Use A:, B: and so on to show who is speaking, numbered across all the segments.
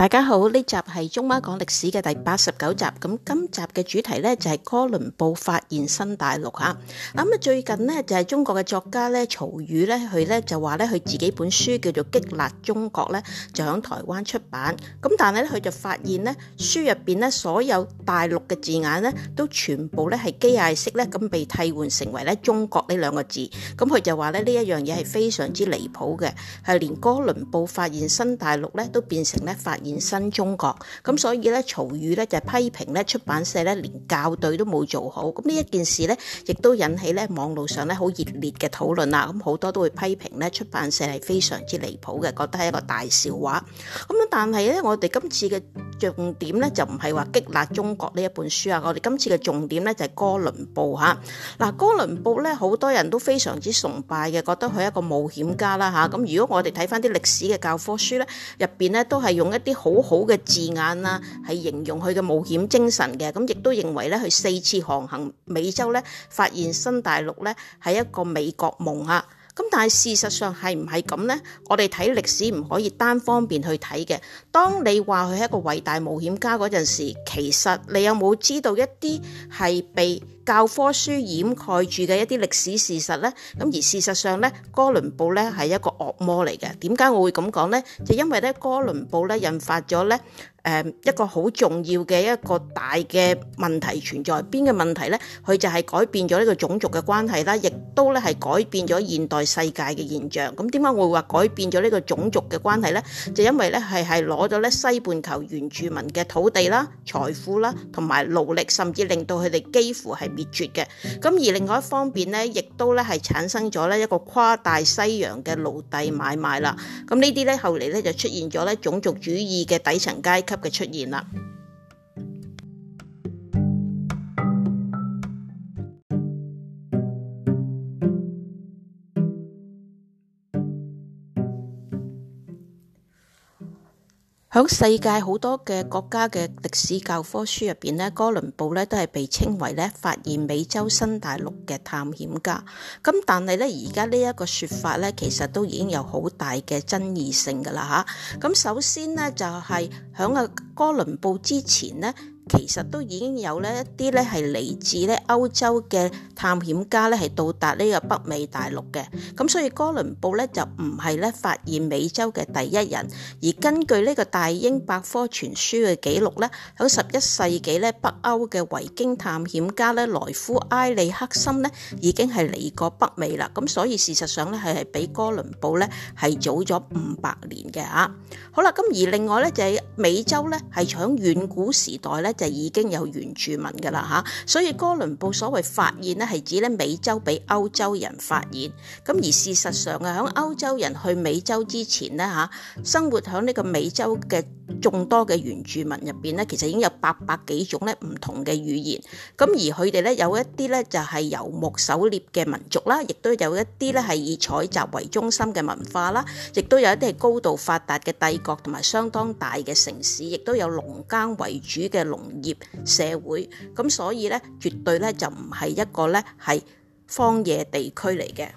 A: 大家好，呢集係中巴講歷史嘅第八十九集，咁今集嘅主題呢，就係、是、哥倫布發現新大陸吓。咁啊最近呢，就係、是、中國嘅作家咧曹宇咧佢咧就話咧佢自己本書叫做《激辣中國》咧就喺台灣出版，咁但係咧佢就發現咧書入邊咧所有大陸嘅字眼咧都全部咧係機械式咧咁被替換成為咧中國呢兩個字，咁佢就話咧呢一樣嘢係非常之離譜嘅，係連哥倫布發現新大陸咧都變成咧發現。新生中國。咁，所以咧曹雨咧就是、批評咧出版社咧連校對都冇做好，咁呢一件事咧亦都引起咧網路上咧好熱烈嘅討論啊！咁好多都會批評咧出版社係非常之離譜嘅，覺得係一個大笑話。咁但係咧，我哋今次嘅重點咧就唔係話激辣中國呢一本書啊，我哋今次嘅重點咧就係、是、哥倫布嚇。嗱、啊，哥倫布咧好多人都非常之崇拜嘅，覺得佢係一個冒險家啦嚇。咁、啊、如果我哋睇翻啲歷史嘅教科書咧，入邊咧都係用一啲好好嘅字眼啦，係形容佢嘅冒險精神嘅。咁亦都認為咧，佢四次航行美洲咧，發現新大陸咧，係一個美國夢啊。咁但係事實上係唔係咁咧？我哋睇歷史唔可以單方面去睇嘅。當你話佢係一個偉大冒險家嗰陣時，其實你有冇知道一啲係被？教科書掩蓋住嘅一啲歷史事實呢，咁而事實上呢，哥倫布呢係一個惡魔嚟嘅。點解我會咁講呢？就因為呢，哥倫布呢引發咗呢，誒一個好重要嘅一個大嘅問題存在，邊個問題呢？佢就係改變咗呢個種族嘅關係啦，亦都咧係改變咗現代世界嘅現象。咁點解我會話改變咗呢個種族嘅關係呢？就因為咧係係攞咗咧西半球原住民嘅土地啦、財富啦、同埋勞力，甚至令到佢哋幾乎係滅絕嘅。咁而另外一方面呢，亦都咧係產生咗呢一個跨大西洋嘅奴隸買賣啦。咁呢啲呢，後嚟呢就出現咗咧種族主義嘅底層階級。嘅出現啦。喺世界好多嘅國家嘅歷史教科書入邊咧，哥倫布咧都係被稱為咧發現美洲新大陸嘅探險家。咁但係咧，而家呢一個說法咧，其實都已經有好大嘅爭議性噶啦。吓。咁首先咧，就係喺阿哥倫布之前咧。其實都已經有呢一啲咧係嚟自咧歐洲嘅探險家咧係到達呢個北美大陸嘅，咁所以哥倫布咧就唔係咧發現美洲嘅第一人，而根據呢個大英百科全書嘅記錄咧，喺十一世紀咧北歐嘅維京探險家咧萊夫埃利克森呢已經係嚟過北美啦，咁所以事實上咧係係比哥倫布咧係早咗五百年嘅啊，好啦，咁而另外咧就係、是、美洲咧係喺遠古時代咧。就已經有原住民嘅啦嚇，所以哥倫布所謂發現呢，係指咧美洲俾歐洲人發現。咁而事實上啊，響歐洲人去美洲之前呢嚇，生活響呢個美洲嘅眾多嘅原住民入邊呢，其實已經有八百幾種咧唔同嘅語言。咁而佢哋咧有一啲咧就係遊牧狩獵嘅民族啦，亦都有一啲咧係以採集為中心嘅文化啦，亦都有一啲係高度發達嘅帝國同埋相當大嘅城市，亦都有農耕為主嘅農業社會咁，所以咧，絕對咧就唔係一個咧係荒野地區嚟嘅。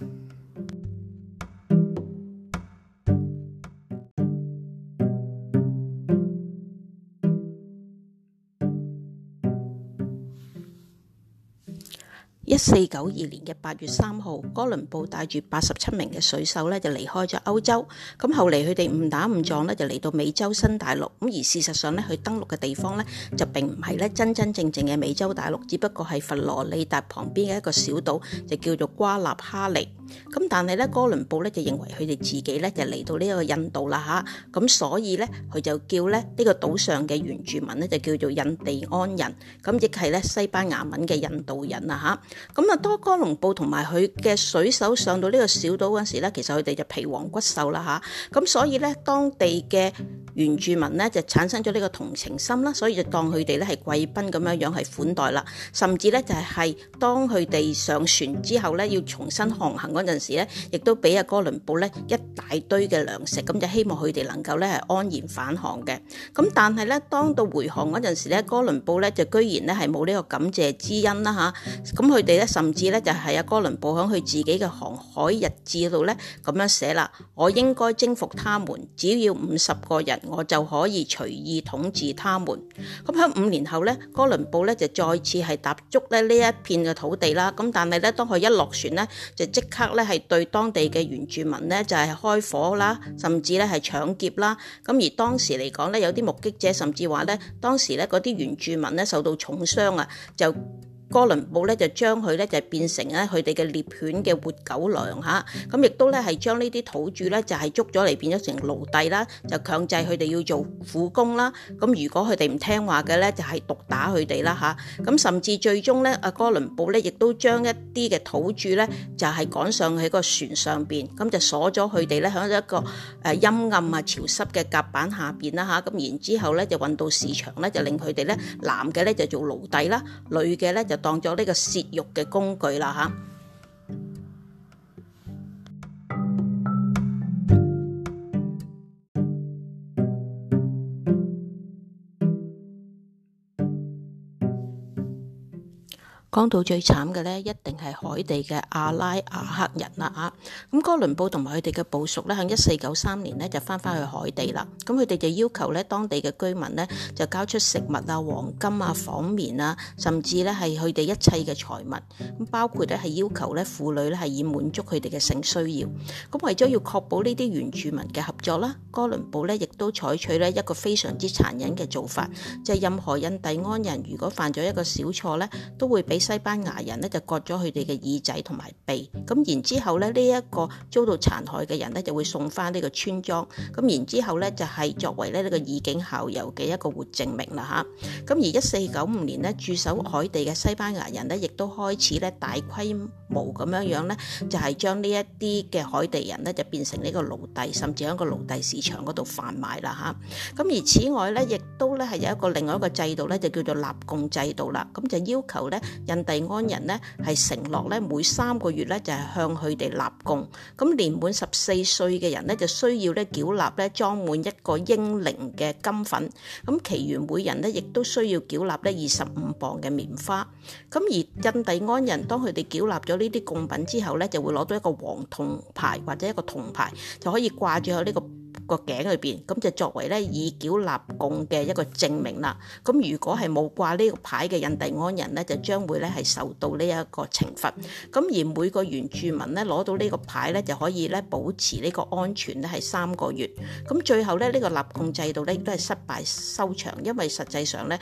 A: 一四九二年嘅八月三號，哥倫布帶住八十七名嘅水手咧，就離開咗歐洲。咁後嚟佢哋誤打誤撞咧，就嚟到美洲新大陸。咁而事實上咧，佢登陸嘅地方咧就並唔係咧真真正正嘅美洲大陸，只不過係佛羅里達旁邊嘅一個小島，就叫做瓜納哈尼。咁但係咧，哥倫布咧就認為佢哋自己咧就嚟到呢一個印度啦嚇。咁所以咧，佢就叫咧呢個島上嘅原住民咧就叫做印第安人，咁亦係咧西班牙文嘅印度人啦嚇。咁啊，當哥倫布同埋佢嘅水手上到呢個小島嗰陣時咧，其實佢哋就皮黃骨瘦啦嚇，咁、啊、所以咧，當地嘅原住民咧就產生咗呢個同情心啦，所以就當佢哋咧係貴賓咁樣樣係款待啦，甚至咧就係、是、當佢哋上船之後咧要重新航行嗰陣時咧，亦都俾阿哥倫布咧一大堆嘅糧食，咁、嗯、就希望佢哋能夠咧係安然返航嘅。咁、嗯、但係咧，當到回航嗰陣時咧，哥倫布咧就居然咧係冇呢個感謝之恩啦嚇，咁、啊、佢嗯哋咧，甚至咧就係阿哥倫布喺佢自己嘅航海日誌度咧，咁樣寫啦。 我應該征服他們，只要五十個人，我就可以隨意統治他們。咁喺五年後咧，哥倫布咧就再次係踏足咧呢一片嘅土地啦。咁但係咧，當佢一落船咧，就即刻咧係對當地嘅原住民咧就係開火啦，甚至咧係搶劫啦。咁而當時嚟講咧，有啲目擊者甚至話咧，當時咧嗰啲原住民咧受到重傷啊，就。哥倫布咧就將佢咧就變成咧佢哋嘅獵犬嘅活狗糧嚇，咁亦都咧係將呢啲土著咧就係捉咗嚟變咗成奴隸啦，就強制佢哋要做苦工啦。咁如果佢哋唔聽話嘅咧，就係毒打佢哋啦嚇。咁甚至最終咧，阿哥倫布咧亦都將一啲嘅土著咧就係趕上喺個船上邊，咁就鎖咗佢哋咧喺一個誒陰暗啊潮濕嘅甲板下邊啦嚇。咁然之後咧就運到市場咧就令佢哋咧男嘅咧就做奴隸啦，女嘅咧就。當作呢個洩欲嘅工具啦嚇。講到最慘嘅咧，一定係海地嘅阿拉雅克人啦嚇。咁哥倫布同埋佢哋嘅部屬咧，喺一四九三年咧就翻翻去海地啦。咁佢哋就要求咧當地嘅居民咧，就交出食物啊、黃金啊、紡棉啊，甚至咧係佢哋一切嘅財物。咁包括咧係要求咧婦女咧係以滿足佢哋嘅性需要。咁為咗要確保呢啲原住民嘅合作啦，哥倫布咧亦都採取咧一個非常之殘忍嘅做法，就係任何印第安人如果犯咗一個小錯咧，都會俾西班牙人咧就割咗佢哋嘅耳仔同埋鼻，咁然之後咧呢一，這個遭到殘害嘅人咧就會送翻呢個村莊。咁然之後咧就係、是、作為咧呢個以儆效尤嘅一個活證明啦吓，咁而一四九五年咧駐守海地嘅西班牙人咧亦都開始咧大規模咁樣樣咧就係、是、將呢一啲嘅海地人咧就變成呢個奴隸，甚至響個奴隸市場嗰度販賣啦吓，咁而此外咧亦都咧係有一個另外一個制度咧就叫做納貢制度啦，咁就要求咧印第安人呢係承諾咧每三個月咧就係向佢哋立供。咁年滿十四歲嘅人呢就需要咧繳納咧裝滿一個英靈嘅金粉，咁其餘每人呢亦都需要繳納呢二十五磅嘅棉花，咁而印第安人當佢哋繳納咗呢啲貢品之後呢，就會攞到一個黃銅牌或者一個銅牌，就可以掛住喺呢個。個頸裏邊，咁就作為咧已繳納貢嘅一個證明啦。咁如果係冇掛呢個牌嘅印第安人咧，就將會咧係受到呢一個懲罰。咁而每個原住民咧攞到呢個牌咧，就可以咧保持呢個安全咧係三個月。咁最後咧呢個立貢制度咧亦都係失敗收場，因為實際上咧。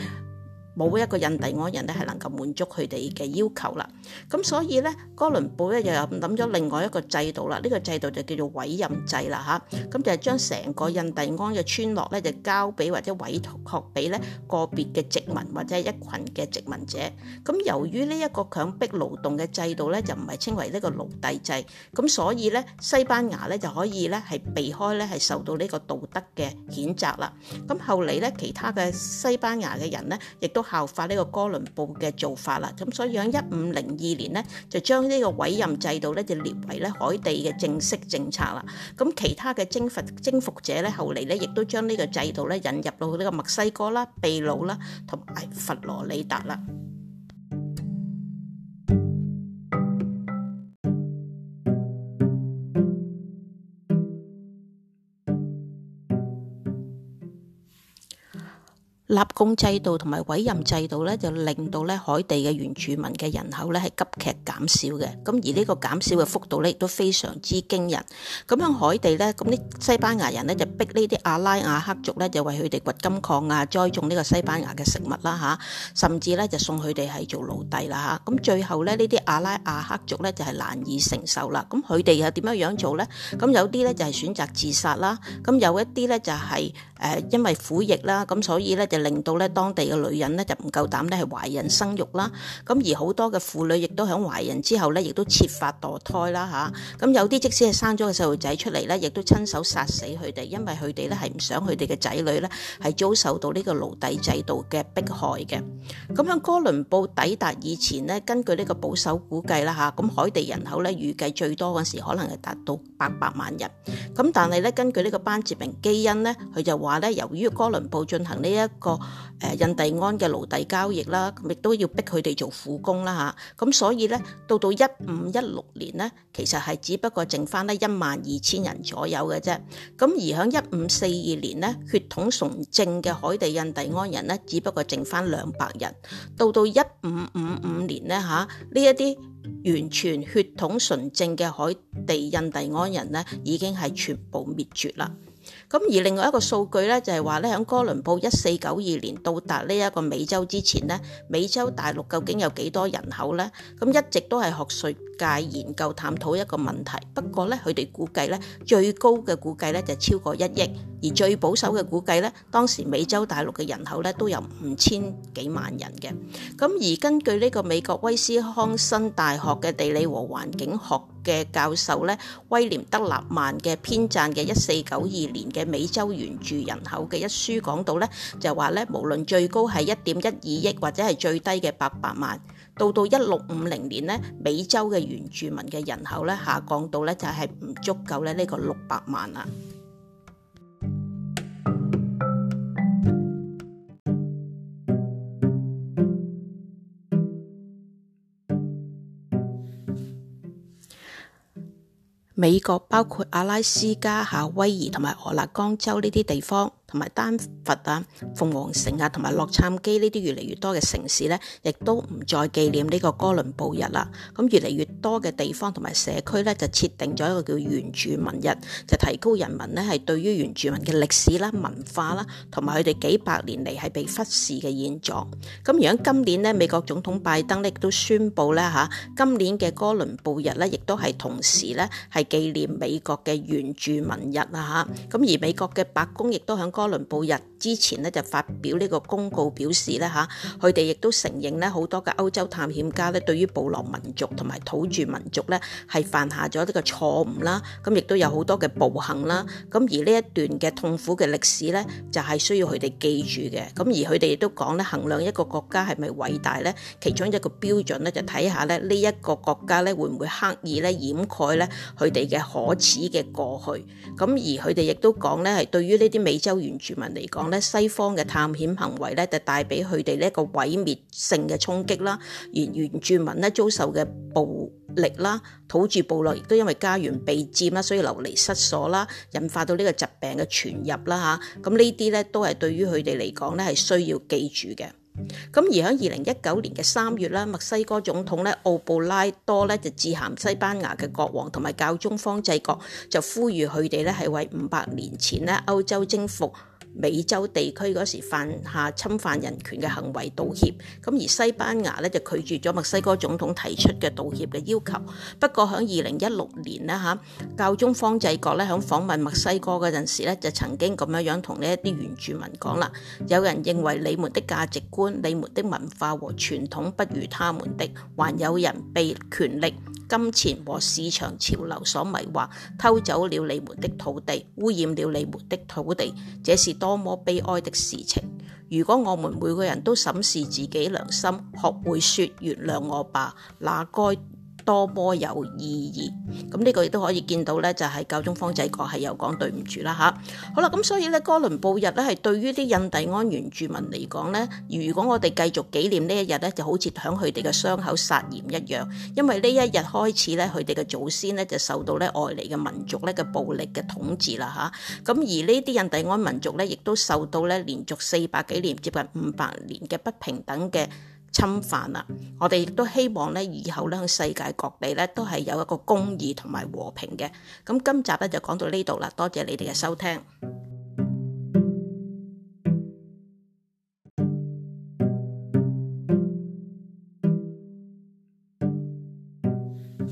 A: 冇一個印第安人咧係能夠滿足佢哋嘅要求啦，咁所以咧，哥倫布咧又諗咗另外一個制度啦，呢個制度就叫做委任制啦嚇，咁就係將成個印第安嘅村落咧就交俾或者委託俾咧個別嘅殖民或者係一羣嘅殖民者，咁由於呢一個強迫勞動嘅制度咧就唔係稱為呢個奴隸制，咁所以咧西班牙咧就可以咧係避開咧係受到呢個道德嘅譴責啦，咁後嚟咧其他嘅西班牙嘅人咧亦都效法呢個哥倫布嘅做法啦，咁所以喺一五零二年呢，就將呢個委任制度呢，就列為咧海地嘅正式政策啦。咁其他嘅征服征服者呢，後嚟呢，亦都將呢個制度呢，引入到呢個墨西哥啦、秘魯啦同埋佛羅里達啦。立功制度同埋委任制度咧，就令到咧海地嘅原住民嘅人口咧係急劇減少嘅。咁而呢個減少嘅幅度咧，亦都非常之驚人。咁響海地咧，咁啲西班牙人咧就逼呢啲阿拉瓦克族咧，就為佢哋掘金礦啊，栽種呢個西班牙嘅食物啦吓，甚至咧就送佢哋去做奴隸啦吓。咁、嗯、最後咧，呢啲阿拉瓦克族咧就係、是、難以承受啦。咁佢哋又點樣樣做咧？咁、嗯、有啲咧就係、是、選擇自殺啦。咁有一啲咧就係、是。誒，因為苦役啦，咁所以咧就令到咧當地嘅女人呢，就唔夠膽咧係懷孕生育啦，咁而好多嘅婦女亦都喺懷孕之後呢，亦都設法墮胎啦吓，咁有啲即使係生咗個細路仔出嚟呢，亦都親手殺死佢哋，因為佢哋呢係唔想佢哋嘅仔女呢係遭受到呢個奴隸制度嘅迫害嘅。咁喺哥倫布抵達以前呢，根據呢個保守估計啦吓，咁海地人口呢，預計最多嗰時可能係達到八百萬人，咁但係呢，根據呢個班哲明基因呢，佢就話。話咧，由於哥倫布進行呢一個誒印第安嘅奴隸交易啦，亦都要逼佢哋做苦工啦嚇。咁、啊、所以咧，到到一五一六年咧，其實係只不過剩翻呢一萬二千人左右嘅啫。咁而喺一五四二年咧，血統純正嘅海地印第安人咧，只不過剩翻兩百人。到到一五五五年呢，嚇、啊，呢一啲完全血統純正嘅海地印第安人咧，已經係全部滅絕啦。咁而另外一個數據咧，就係話咧，喺哥倫布一四九二年到達呢一個美洲之前，呢美洲大陸究竟有幾多人口呢？咁一直都係學術界研究探討一個問題。不過咧，佢哋估計咧，最高嘅估計咧就超過一億，而最保守嘅估計咧，當時美洲大陸嘅人口咧都有五千幾萬人嘅。咁而根據呢個美國威斯康辛大學嘅地理和環境學嘅教授咧，威廉德納曼嘅編撰嘅一四九二年嘅美洲原住人口嘅一書講到咧，就話咧，無論最高係一點一二億或者係最低嘅八百萬，到到一六五零年呢，美洲嘅原住民嘅人口咧下降到咧就係唔足夠咧呢個六百萬啦。美國包括阿拉斯加、夏威夷同埋俄勒岡州呢啲地方。同埋丹佛啊、鳳凰城啊、同埋洛杉磯呢啲越嚟越多嘅城市咧，亦都唔再紀念呢個哥倫布日啦。咁越嚟越多嘅地方同埋社區咧，就設定咗一個叫原住民日，就提高人民咧係對於原住民嘅歷史啦、文化啦，同埋佢哋幾百年嚟係被忽視嘅現狀。咁而喺今年咧，美國總統拜登咧亦都宣布咧吓今年嘅哥倫布日咧，亦都係同時咧係紀念美國嘅原住民日啊吓，咁而美國嘅白宮亦都響。哥倫布日之前呢，就發表呢個公告，表示呢，嚇佢哋亦都承認呢好多嘅歐洲探險家咧對於部落民族同埋土著民族呢係犯下咗呢個錯誤啦，咁、啊、亦都有好多嘅暴行啦，咁、啊、而呢一段嘅痛苦嘅歷史呢，就係、是、需要佢哋記住嘅，咁、啊、而佢哋亦都講咧衡量一個國家係咪偉大呢，其中一個標準呢，就睇下咧呢一個國家咧會唔會刻意咧掩蓋咧佢哋嘅可恥嘅過去，咁、啊、而佢哋亦都講咧係對於呢啲美洲原原住民嚟講咧，西方嘅探險行為咧，就帶俾佢哋呢一個毀滅性嘅衝擊啦。而原住民咧遭受嘅暴力啦，土著部落亦都因為家園被佔啦，所以流離失所啦，引發到呢個疾病嘅傳入啦吓。咁呢啲咧都係對於佢哋嚟講咧係需要記住嘅。咁而喺二零一九年嘅三月啦，墨西哥總統咧奧布拉多咧就致函西班牙嘅國王同埋教宗方濟各，就呼籲佢哋咧係為五百年前咧歐洲征服。美洲地區嗰時犯下侵犯人權嘅行為道歉。咁而西班牙呢，就拒絕咗墨西哥總統提出嘅道歉嘅要求。不過喺二零一六年呢，哈教宗方濟各呢，喺訪問墨西哥嗰陣時呢，就曾經咁樣樣同呢一啲原住民講啦，有人認為你們的價值觀、你們的文化和傳統不如他們的，還有人被權力金錢和市場潮流所迷惑，偷走了你們的土地，污染了你們的土地，這是多麼悲哀的事情。如果我們每個人都審視自己良心，學會說，原諒我吧，那該……多麼有意義，咁、這、呢個亦都可以見到咧，就係教宗方濟各係有講對唔住啦吓，好啦，咁所以咧，哥倫布日咧係對於啲印第安原住民嚟講咧，如果我哋繼續紀念呢一日咧，就好似喺佢哋嘅傷口撒鹽一樣，因為呢一日開始咧，佢哋嘅祖先咧就受到咧外嚟嘅民族咧嘅暴力嘅統治啦吓，咁而呢啲印第安民族咧，亦都受到咧連續四百幾年、接近五百年嘅不平等嘅。侵犯啦！我哋亦都希望呢，以後呢，喺世界各地呢，都係有一個公義同埋和平嘅。咁今集呢就講到呢度啦，多謝你哋嘅收聽。嗯嗯、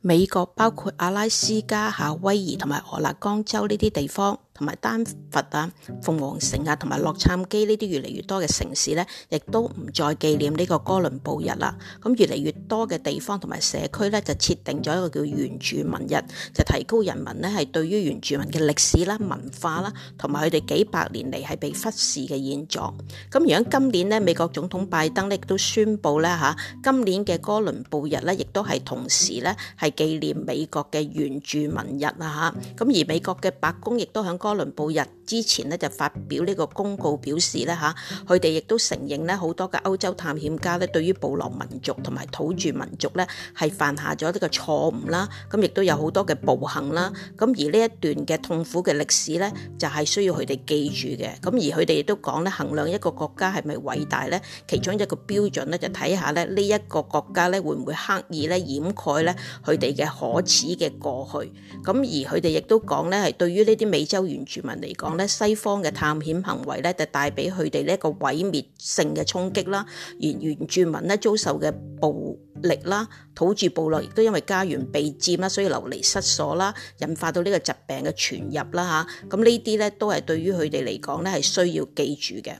A: 美國包括阿拉斯加、夏威夷同埋俄勒岡州呢啲地方。同埋丹佛啊、鳳凰城啊、同埋洛杉磯呢啲越嚟越多嘅城市咧，亦都唔再紀念呢個哥倫布日啦。咁、嗯、越嚟越多嘅地方同埋社區咧，就設定咗一個叫原住民日，就提高人民咧係對於原住民嘅歷史啦、啊、文化啦、啊，同埋佢哋幾百年嚟係被忽視嘅現狀。咁、嗯、而喺今年咧，美國總統拜登咧亦都宣布咧吓今年嘅哥倫布日咧，亦都係同時咧係紀念美國嘅原住民日啦吓，咁而美國嘅白宮亦都響。哥倫布日之前呢，就發表呢個公告，表示咧吓，佢哋亦都承認呢，好多嘅歐洲探險家咧，對於部落民族同埋土著民族呢，係犯下咗呢個錯誤啦，咁、啊、亦都有好多嘅暴行啦，咁、啊、而呢一段嘅痛苦嘅歷史呢，就係、是、需要佢哋記住嘅，咁、啊、而佢哋亦都講咧衡量一個國家係咪偉大呢，其中一個標準咧就睇下咧呢一個國家咧會唔會刻意咧掩蓋咧佢哋嘅可恥嘅過去，咁、啊、而佢哋亦都講咧係對於呢啲美洲原住民嚟講咧，西方嘅探險行為咧，就帶俾佢哋呢一個毀滅性嘅衝擊啦。而原住民咧遭受嘅暴力啦，土著部落亦都因為家園被佔啦，所以流離失所啦，引發到呢個疾病嘅傳入啦吓。咁呢啲咧都係對於佢哋嚟講咧係需要記住嘅。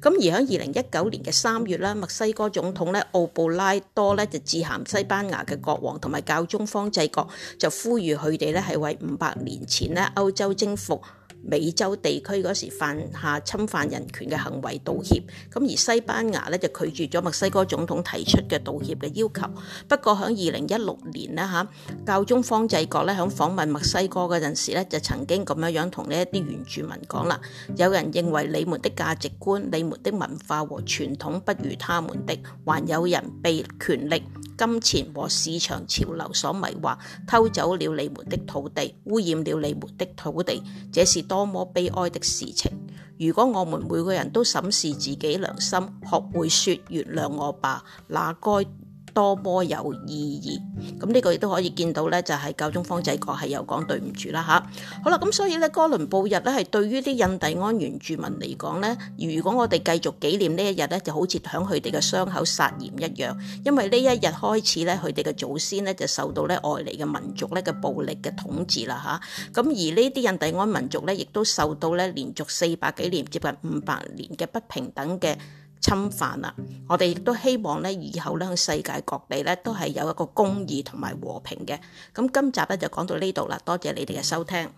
A: 咁而喺二零一九年嘅三月啦，墨西哥總統咧奧布拉多咧就致函西班牙嘅國王同埋教宗方濟各，就呼籲佢哋咧係為五百年前咧歐洲征服。美洲地區嗰時犯下侵犯人權嘅行為道歉，咁而西班牙呢，就拒絕咗墨西哥總統提出嘅道歉嘅要求。不過喺二零一六年呢，哈教宗方濟各呢，喺訪問墨西哥嗰陣時呢，就曾經咁樣樣同呢一啲原住民講啦。有人認為你們的價值觀、你們的文化和傳統不如他們的，還有人被權力，金錢和市場潮流所迷惑，偷走了你們的土地，污染了你們的土地，這是多麼悲哀的事情。如果我們每個人都審視自己良心，學會說：「原諒我吧，那該……」多麼有意義，咁、這、呢個亦都可以見到咧，就係、是、教宗方濟各係有講對唔住啦吓，好啦，咁所以咧，哥倫布日咧係對於啲印第安原住民嚟講咧，如果我哋繼續紀念呢一日咧，就好似喺佢哋嘅傷口撒鹽一樣，因為呢一日開始咧，佢哋嘅祖先咧就受到咧外嚟嘅民族咧嘅暴力嘅統治啦吓，咁、啊、而呢啲印第安民族咧，亦都受到咧連續四百幾年、接近五百年嘅不平等嘅。侵犯啦！我哋亦都希望咧，以後咧，喺世界各地咧都係有一個公義同埋和平嘅。咁今集咧就講到呢度啦，多謝你哋嘅收聽。